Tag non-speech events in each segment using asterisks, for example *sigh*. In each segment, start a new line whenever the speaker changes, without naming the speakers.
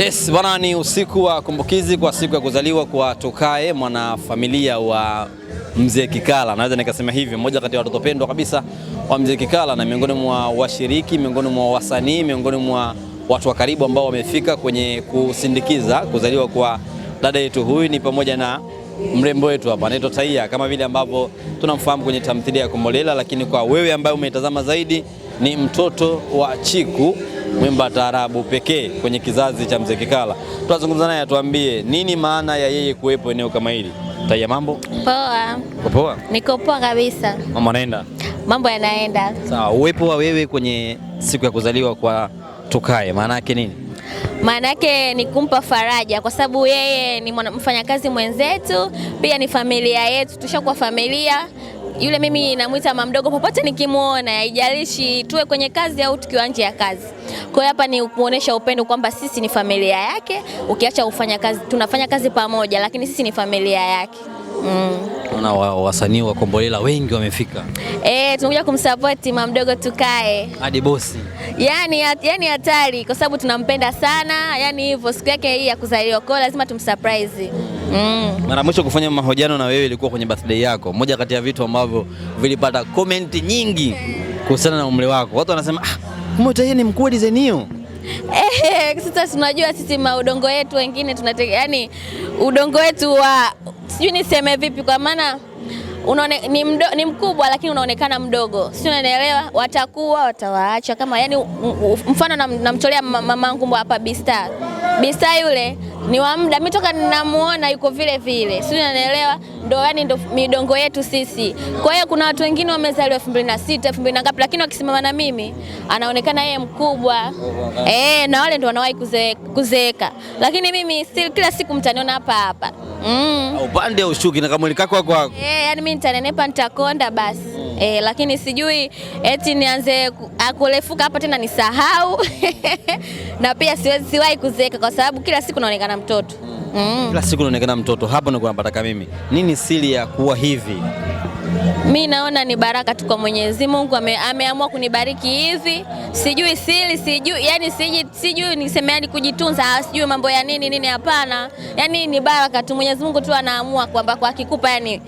Yes bwana, ni usiku wa kumbukizi kwa siku ya kuzaliwa kwa Tokae, mwanafamilia wa Mzee Kikala. Naweza nikasema hivyo, mmoja kati ya watoto pendwa kabisa wa Mzee Kikala na miongoni mwa washiriki, miongoni mwa wasanii, miongoni mwa watu wa karibu ambao wamefika kwenye kusindikiza kuzaliwa kwa dada yetu. Huyu ni pamoja na mrembo wetu hapa anaitwa Taia, kama vile ambavyo tunamfahamu kwenye tamthilia ya Kombolela, lakini kwa wewe ambaye umetazama zaidi ni mtoto wa Chiku mwimba taarabu pekee kwenye kizazi cha Mzee Kikala. Tunazungumza naye atuambie nini maana ya yeye kuwepo eneo kama hili. Taiya, mambo
poa? Poa, niko poa kabisa. Mambo anaenda, mambo yanaenda
sawa. Uwepo wa wewe kwenye siku ya kuzaliwa kwa tukae maana
yake nini? Maana yake ni kumpa faraja, kwa sababu yeye ni mfanyakazi mwenzetu, pia ni familia yetu, tushakuwa familia yule mimi namwita mama mdogo, popote nikimwona, haijalishi tuwe kwenye kazi au tukiwa nje ya kazi. Kwa hiyo hapa ni kuonesha upendo kwamba sisi ni familia yake, ukiacha ufanya kazi, tunafanya kazi pamoja, lakini sisi ni familia yake.
Mm. Naona wa, wasanii wa Kombolela wengi
wamefika. Eh, tumekuja kumsupport mama mdogo tukae hadi bosi. Yaani yaani hatari kwa sababu tunampenda sana, yaani hivyo siku yake hii ya kuzaliwa kwao lazima tumsurprise
mm. Mara mwisho kufanya mahojiano na wewe ilikuwa kwenye birthday yako, moja kati ya vitu ambavyo vilipata komenti nyingi kuhusiana na umri wako, watu wanasema ah, tayari ni mkuu design
hiyo. Eh, sasa tunajua sisi maudongo wetu wengine tunate, yani udongo wetu wa sijui niseme vipi, kwa maana Unaone, ni, mdo, ni mkubwa lakini unaonekana mdogo, si unaelewa? Watakuwa watawaacha kama yani, mfano namtolea na mamangu hapa Bista Bista yule ni wa muda, mimi toka ninamuona yuko vile vile, sio nanaelewa, ndo yani ndo midongo yetu sisi. Kwa hiyo kuna watu wengine wamezaliwa 2006 2000 na ngapi, lakini wakisimama na mimi anaonekana yeye mkubwa eh, na wale ndo wanawahi kuzeeka, lakini mimi still kila siku mtaniona hapa hapa.
Mm. Upande ushuki na kamwili kako kwako
Eh, yani mimi nitanenepa nitakonda basi e, lakini sijui eti nianze ah, kurefuka hapa tena nisahau *laughs* na pia siwezi siwahi kuzeeka kwa sababu kila siku naonekana mtoto mm. Kila
siku naonekana mtoto, hapo ndio kunapataka mimi. Nini siri ya kuwa hivi?
mi naona ni baraka tu kwa Mwenyezi Mungu ameamua kunibariki hivi, sijui sili sijui yani, sijui, sijui niseme yani kujitunza, sijui mambo ya nini nini, hapana. Yani ni baraka tu, Mwenyezi Mungu tu anaamua kwamba kwa kikupa yani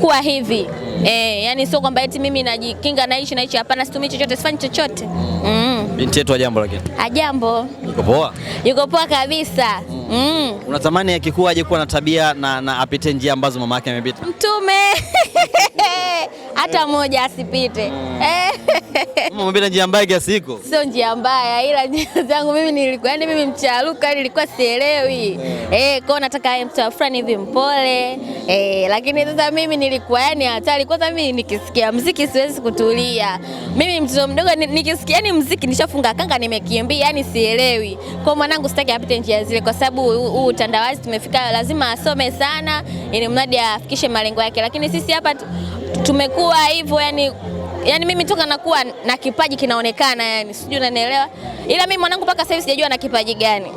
kuwa hivi eh, yani sio kwamba eti mimi najikinga naishi naishi, hapana, situmii chochote, sifanyi chochote mm.
Binti yetu ajambo, lakini
ajambo, yuko poa, yuko poa kabisa
mm. Mm. Unatamani akikuwa aje kuwa na tabia na, na apite njia ambazo mama
yake amepita Mtume *laughs* *laughs* hata moja asipite.
Mbona mm. njia mbaya kiasi hiko? *laughs*
Sio njia mbaya, ila njia zangu mimi nilikuwa, yani mimi mchaluka, yaani nilikuwa sielewi mm. eh, kwao nataka aye mtu fulani hivi mpole eh, lakini sasa mimi nilikuwa yani hatari. Kwanza mimi nikisikia mziki siwezi kutulia, mimi mtoto mdogo nikisikia yani mziki nishafunga kanga, nimekimbia yani sielewi. Kwa mwanangu sitaki apite njia zile, kwa sababu huu utandawazi tumefika, lazima asome sana ili mradi afikishe malengo yake, lakini sisi hapa tumekuwa hivyo yani yani mimi toka nakuwa na kipaji kinaonekana, yani sijui unanielewa, ila mimi mwanangu mpaka sasa hivi sijajua na kipaji gani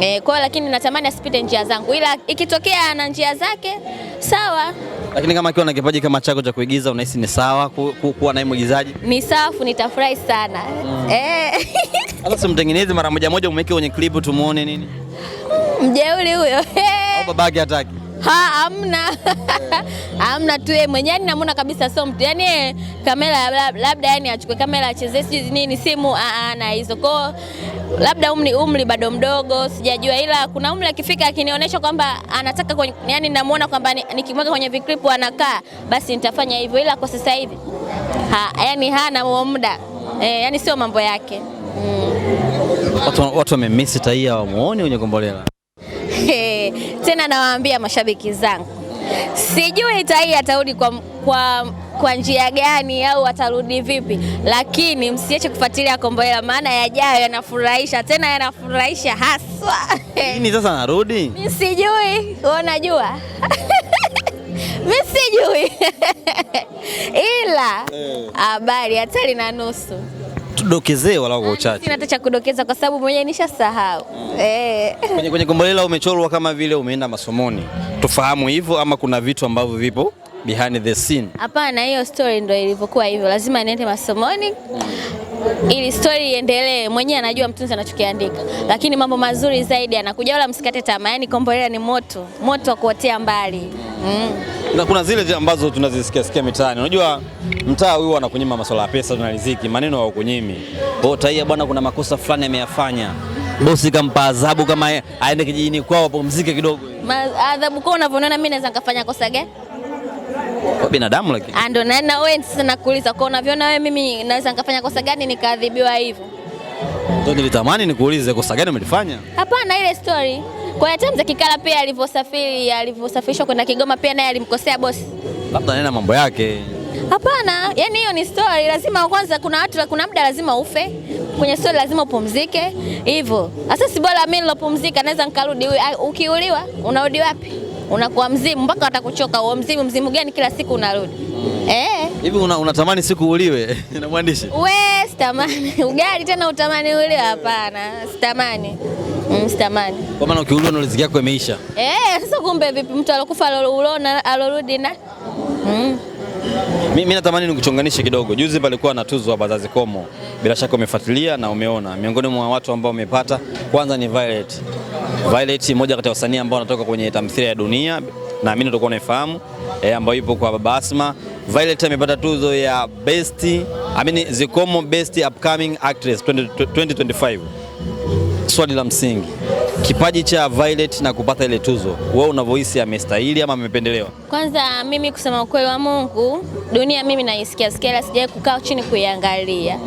e, kwa lakini natamani asipite njia zangu, ila ikitokea na njia zake sawa.
Lakini kama akiwa na kipaji kama chako cha kuigiza, unahisi ni sawa ku, ku, kuwa naye
mwigizaji? Ni safu, nitafurahi sana mm. E.
*laughs* Hata mara moja moja, umweke kwenye klipu tumuone nini?
Hmm, Mjeuli huyo
au babake hataki Ha,
amna *laughs* amna tu yeye eh, mwenyewe yani, namuona kabisa sio mtu yani eh, kamera labda, yani achukue kamera acheze sijui nini simu ah, ah, na hizo kwao, labda umri umri bado mdogo sijajua, ila kuna umri akifika akinionyesha kwamba anataka kwenye, yani namuona kwamba nikimweka kwenye vikripu anakaa basi nitafanya hivyo, ila kwa sasa hivi ha, yani hana huo muda e, yani sio mambo yake
mm. Watu wamemisi taia wamuone kwenye Kombolela
tena nawaambia mashabiki zangu, sijui Tai atarudi kwa, kwa, kwa njia gani au atarudi vipi, lakini msiache kufuatilia Kombolela, maana yajayo yanafurahisha, tena yanafurahisha haswa. Nini sasa narudi? Mimi *laughs* sijui, wewe unajua Mimi *laughs* sijui *laughs* ila eh. habari hatari na
nusu tudokezee walau kwa
uchache. Sina hata cha kudokeza kwa sababu mwenyewe nishasahau.
Eh. *laughs* Kwenye, kwenye Kombolela umechorwa kama vile umeenda masomoni, tufahamu hivyo ama kuna vitu ambavyo vipo behind the scene?
Hapana, hiyo story ndio ilivyokuwa hivyo, lazima niende masomoni ili story iendelee. Mwenyewe anajua mtunzi anachokiandika, lakini mambo mazuri zaidi anakuja, wala msikate tamaa. Yaani Kombolela ni moto moto wa kuotea mbali. Mm
na kuna zile ambazo tunazisikia sikia mitaani. Unajua mtaa huu anakunyima masuala ya pesa, tunaliziki maneno ya ukunyimi taia bwana, kuna makosa fulani ameyafanya bosi kampa adhabu, kama aende kijijini kwao apumzike
kidogo. Adhabu kwa unavyoona, mimi naweza nikafanya kosa gani?
Binadamu lakini.
Ah, ndio na wewe sasa nakuuliza, kwa unavyoona wewe, mimi naweza nikafanya kosa gani nikaadhibiwa hivyo?
Ndio nilitamani nikuulize kosa gani umelifanya?
Hapana, ile story kwa hiyo Tamza Kikala pia alivyosafiri alivyosafirishwa kwenda Kigoma pia naye alimkosea bosi,
labda nena mambo yake.
Hapana, yani hiyo ni story. Lazima kwanza, kuna watu, kuna muda lazima ufe kwenye story, lazima upumzike hivyo. Sasa si bora mimi nilopumzika, naweza nikarudi. Ukiuliwa unarudi wapi? Unakuwa mzimu mpaka watakuchoka. Uo mzimu, mzimu gani? Kila siku unarudi mm.
eh? hivi. unatamani una siku uliwe *laughs* na mwandishi
we? Sitamani *laughs* ugali tena utamani uliwe? Hapana, sitamani. Mm,
sitamani. Kwa maana ukiuliwa riziki yako imeisha.
Eh, sasa kumbe vipi mtu alokufa ulona alorudi na mm.
Mimi natamani nikuchonganishe kidogo. Juzi palikuwa na tuzo hapa Zazi Komo, bila shaka umefuatilia na umeona, miongoni mwa watu ambao wamepata kwanza ni Violet. Violet moja kati ya wasanii ambao wanatoka kwenye tamthilia ya Dunia, naamini utakuwa unaifahamu e, eh, ambayo ipo kwa Baba Asma. Violet amepata tuzo ya best, I mean Zikomo best upcoming actress 2025 swali la msingi, kipaji cha Violet na kupata ile tuzo, wewe unavyohisi amestahili ama
amependelewa? Kwanza mimi kusema ukweli wa Mungu, dunia mimi naisikia sikia, sijawahi kukaa chini kuiangalia,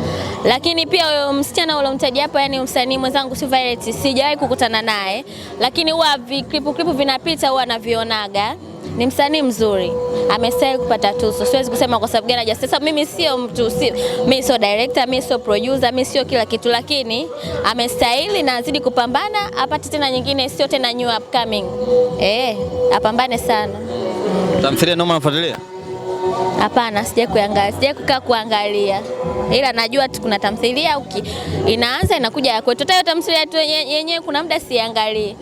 lakini pia huyo msichana uliomtaja hapo, yani msanii mwenzangu si Violet, sijawahi kukutana naye, lakini huwa viklipu klipu vinapita, huwa anavionaga ni msanii mzuri, amestahili kupata tuzo. Siwezi kusema kwa sababu gani haja. Sasa mimi sio mtu si, mimi sio director, mimi sio producer, mimi sio kila kitu, lakini amestahili na azidi kupambana apate tena nyingine, sio tena new upcoming. Eh, apambane sana.
Tamthilia noma nafuatilia?
Hapana, sija kuangalia, sija kukaa kuangalia, ila najua tu kuna tamthilia uki inaanza inakuja ya kwetu. Hata tamthilia yenyewe kuna muda siangalie.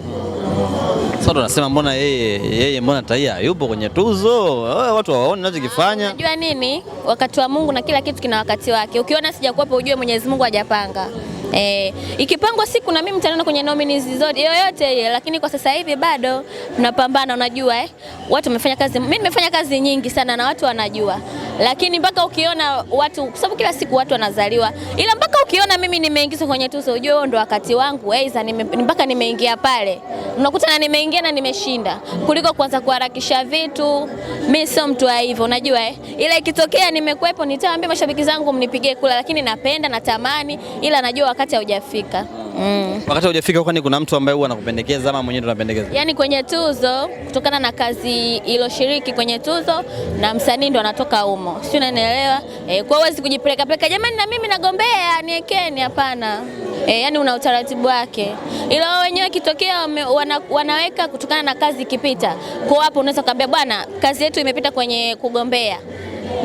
Sasa tunasema mbona yeye yeye mbona Taia yupo kwenye tuzo, watu hawaoni ninachokifanya. Unajua
nini, wakati wa Mungu na kila kitu kina wakati wake. Ukiona sijakuwepo ujue Mwenyezi Mungu hajapanga. Eh, ikipangwa siku na mimi mtaniona kwenye nominees zote yoyote ile, lakini kwa sasa hivi bado tunapambana. Unajua eh, watu wamefanya kazi, mimi nimefanya kazi nyingi sana na watu wanajua lakini mpaka ukiona watu, kwa sababu kila siku watu wanazaliwa, ila mpaka ukiona mimi nimeingizwa kwenye tuzo, ujue huo ndo wakati wangu, aidha nime, mpaka nimeingia pale, unakuta na nimeingia na nimeshinda, kuliko kuanza kuharakisha vitu. Mi sio mtu wa hivyo, unajua eh? Ila ikitokea nimekuepo, nitawaambia mashabiki zangu mnipigie kula, lakini napenda natamani, ila najua wakati haujafika.
Mm. Wakati hujafika kwani kuna mtu ambaye huwa anakupendekeza ama
mwenyewe anapendekeza? Yaani kwenye tuzo kutokana na kazi iliyoshiriki kwenye tuzo na msanii ndo anatoka uma mfumo, si unanielewa? E, kwa huwezi kujipeleka peleka, jamani, na mimi nagombea niekeni, hapana. E, yani una utaratibu wake, ila wao wenyewe kitokea wana, wanaweka kutokana na kazi ikipita. Kwa hapo unaweza kuambia bwana, kazi yetu imepita kwenye kugombea,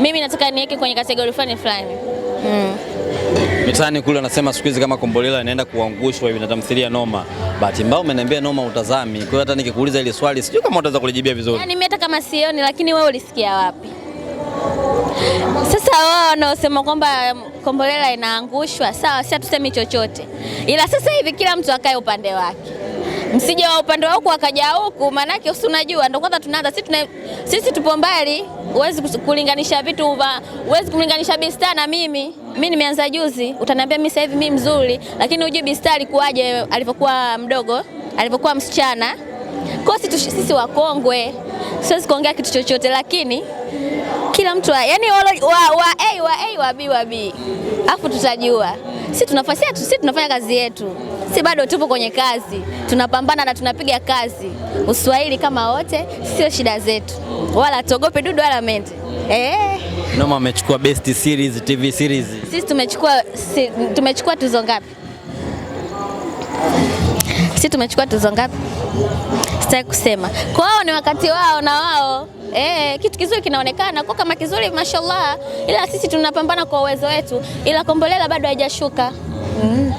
mimi nataka niweke kwenye kategori fulani fulani. Mm.
Mitaani kule anasema siku hizi kama Kombolela inaenda kuangushwa hivi natamthilia noma. Bahati mbaya umeniambia noma utazami. Kwa hiyo hata nikikuuliza ile swali sijui kama utaweza kulijibia vizuri. Yaani mimi
hata kama sioni, lakini wewe ulisikia wapi? Sasa wao wanaosema kwamba Kombolela inaangushwa sawa, si hatusemi chochote, ila sasa hivi kila mtu akae upande wake, msije wa upande wa huku akaja huku, maanake si unajua, ndio kwanza tunaanza sisi, tuna, sisi tupo mbali, huwezi kulinganisha vitu, huwezi kulinganisha Bista na mimi. Mimi nimeanza juzi, utaniambia mimi sasa hivi mimi mzuri, lakini hujui Bista alikuwaje alivyokuwa mdogo, alivyokuwa msichana. Kwa sisi wakongwe siwezi kuongea kitu chochote, lakini kila mtu yani wa, wa, A, wa A, wa B, wa B, afu tutajua si tunafanya, si tunafanya kazi yetu, si bado tupo kwenye kazi, tunapambana na tunapiga kazi. Uswahili kama wote, sio shida zetu, wala tuogope dudu wala mente eh.
Noma amechukua best series, TV series. Sisi
tumechukua si, tumechukua tuzo ngapi? Sisi tumechukua tuzo ngapi? Sitaki kusema. Kwa wao ni wakati wao na wao E, kitu kizuri kinaonekana kwa kama kizuri mashallah, ila sisi tunapambana kwa uwezo wetu, ila Kombolela bado haijashuka. mm.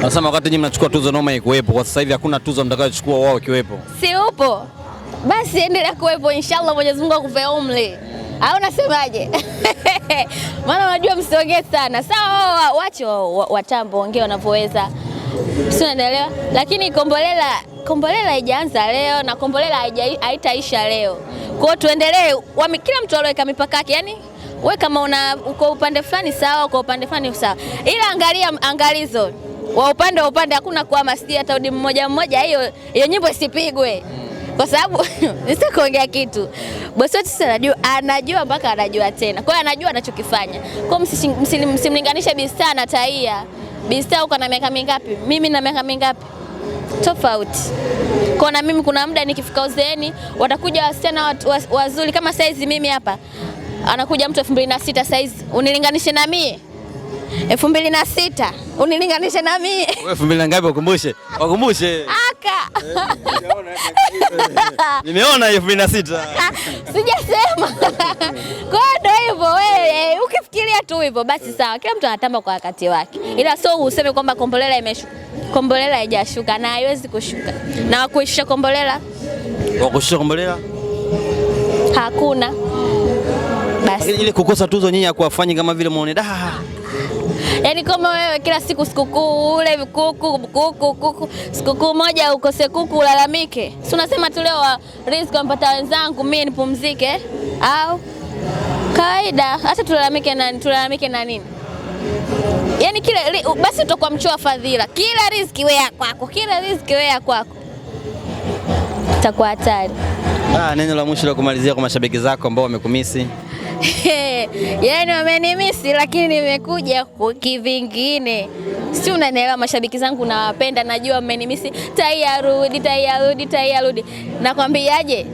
Nasema wakati nyinyi mnachukua tuzo noma ikuwepo, kwa sasa hivi hakuna tuzo mtakayochukua
wao ikiwepo, si upo basi endelea kuwepo, inshallah Mwenyezi Mungu akupe umri au unasemaje? *laughs* maana unajua msiongee sana sawa, so, wacho watambo ongee wanavyoweza, Sio, unaelewa? Lakini Kombolela, Kombolela haijaanza leo na Kombolela haitaisha leo. Kwao tuendelee, kila mtu aliweka mipaka yake, yani we kama una uko upande fulani sawa, uko upande fulani sawa, ila angalia angalizo wa upande wa upande, hakuna kuama sijui hata udi mmoja mmoja, hiyo hiyo nyimbo isipigwe kwa sababu *laughs* sitaki kuongea kitu. Bosi wetu sasa anajua, anajua mpaka anajua tena, kwa hiyo anajua anachokifanya. Kwa hiyo msimlinganishe Bista na Taia. Bista uko na miaka mingapi? Mimi na miaka mingapi? tofauti. Kwa na mimi kuna muda nikifika uzeeni watakuja wasichana wazuri kama saizi mimi hapa anakuja mtu elfu mbili na sita saizi unilinganishe na mie elfu mbili na sita unilinganishe
na mimi. elfu mbili na ngapi? Wakumbushe, wakumbushe
aka. *laughs* Nimeona elfu mbili na sita *laughs* sijasema. *laughs* Kwa hiyo ndio hivyo, wewe eh, ukifikiria tu hivyo basi sawa, kila mtu anatamba kwa wakati wake, ila so useme kwamba Kombolela imeshuka. Kombolela haijashuka na haiwezi kushuka, na wakuishusha Kombolela,
wakushusha Kombolela
hakuna. Basi ile
kukosa tuzo nyinyi kuwafanyi kama vile muone da
Yaani kama wewe kila siku sikukuu ule kuku kuku kuku, sikukuu moja ukose kuku ulalamike, si unasema tu leo riziki wampata wenzangu, mimi nipumzike? Au kawaida hata tulalamike na Tulalamike na nini? Yaani kile basi utakuwa mchoa fadhila, kila riziki wewe ya kwako, kila riziki wewe ya kwako, itakuwa hatari.
Ah, neno la mwisho la kumalizia kwa mashabiki zako ambao wamekumisi
*laughs* yani wamenimisi, lakini nimekuja kivingine, si unanielewa? Mashabiki zangu nawapenda, najua wamenimisi. Tai arudi, tai arudi, tai arudi, nakwambiaje?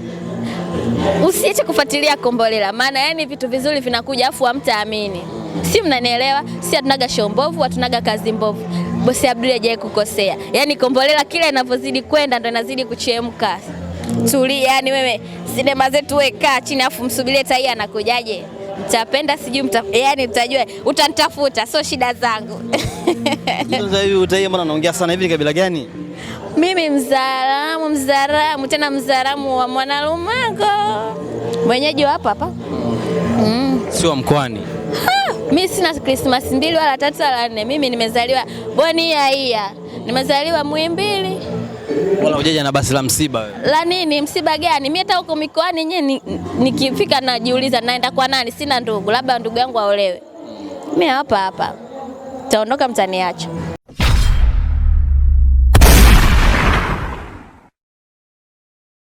Usiache kufuatilia Kombolela, maana yani vitu vizuri vinakuja, afu hamtaamini. Si mnanielewa? Si hatunaga show mbovu, hatunaga kazi mbovu. Bosi Abduli hajawahi kukosea, yaani Kombolela kila inavyozidi kwenda ndo inazidi kuchemka kutulia. Yani wewe sinema zetu, wekaa chini afu msubirie tai anakujaje, mtapenda sijui mta, yani mtajua, utanitafuta sio shida zangu.
naongea hivi sana hivi, kabila gani?
Mimi Mzaramu, Mzaramu tena mzaramu wa Mwanalumango, mwenyeji wa hapa hapa mm.
sio wa mkoani.
Mimi sina Krismasi mbili wala tatu wala nne. Mimi nimezaliwa Boniaia, nimezaliwa Muhimbili.
Wala hujaja na basi la msiba. La
nini? Msiba gani? Mimi hata huko mikoani nyenye nikifika najiuliza naenda kwa nani? Sina ndugu, labda ndugu yangu aolewe. Mimi hapa hapa. Taondoka mtaniacha.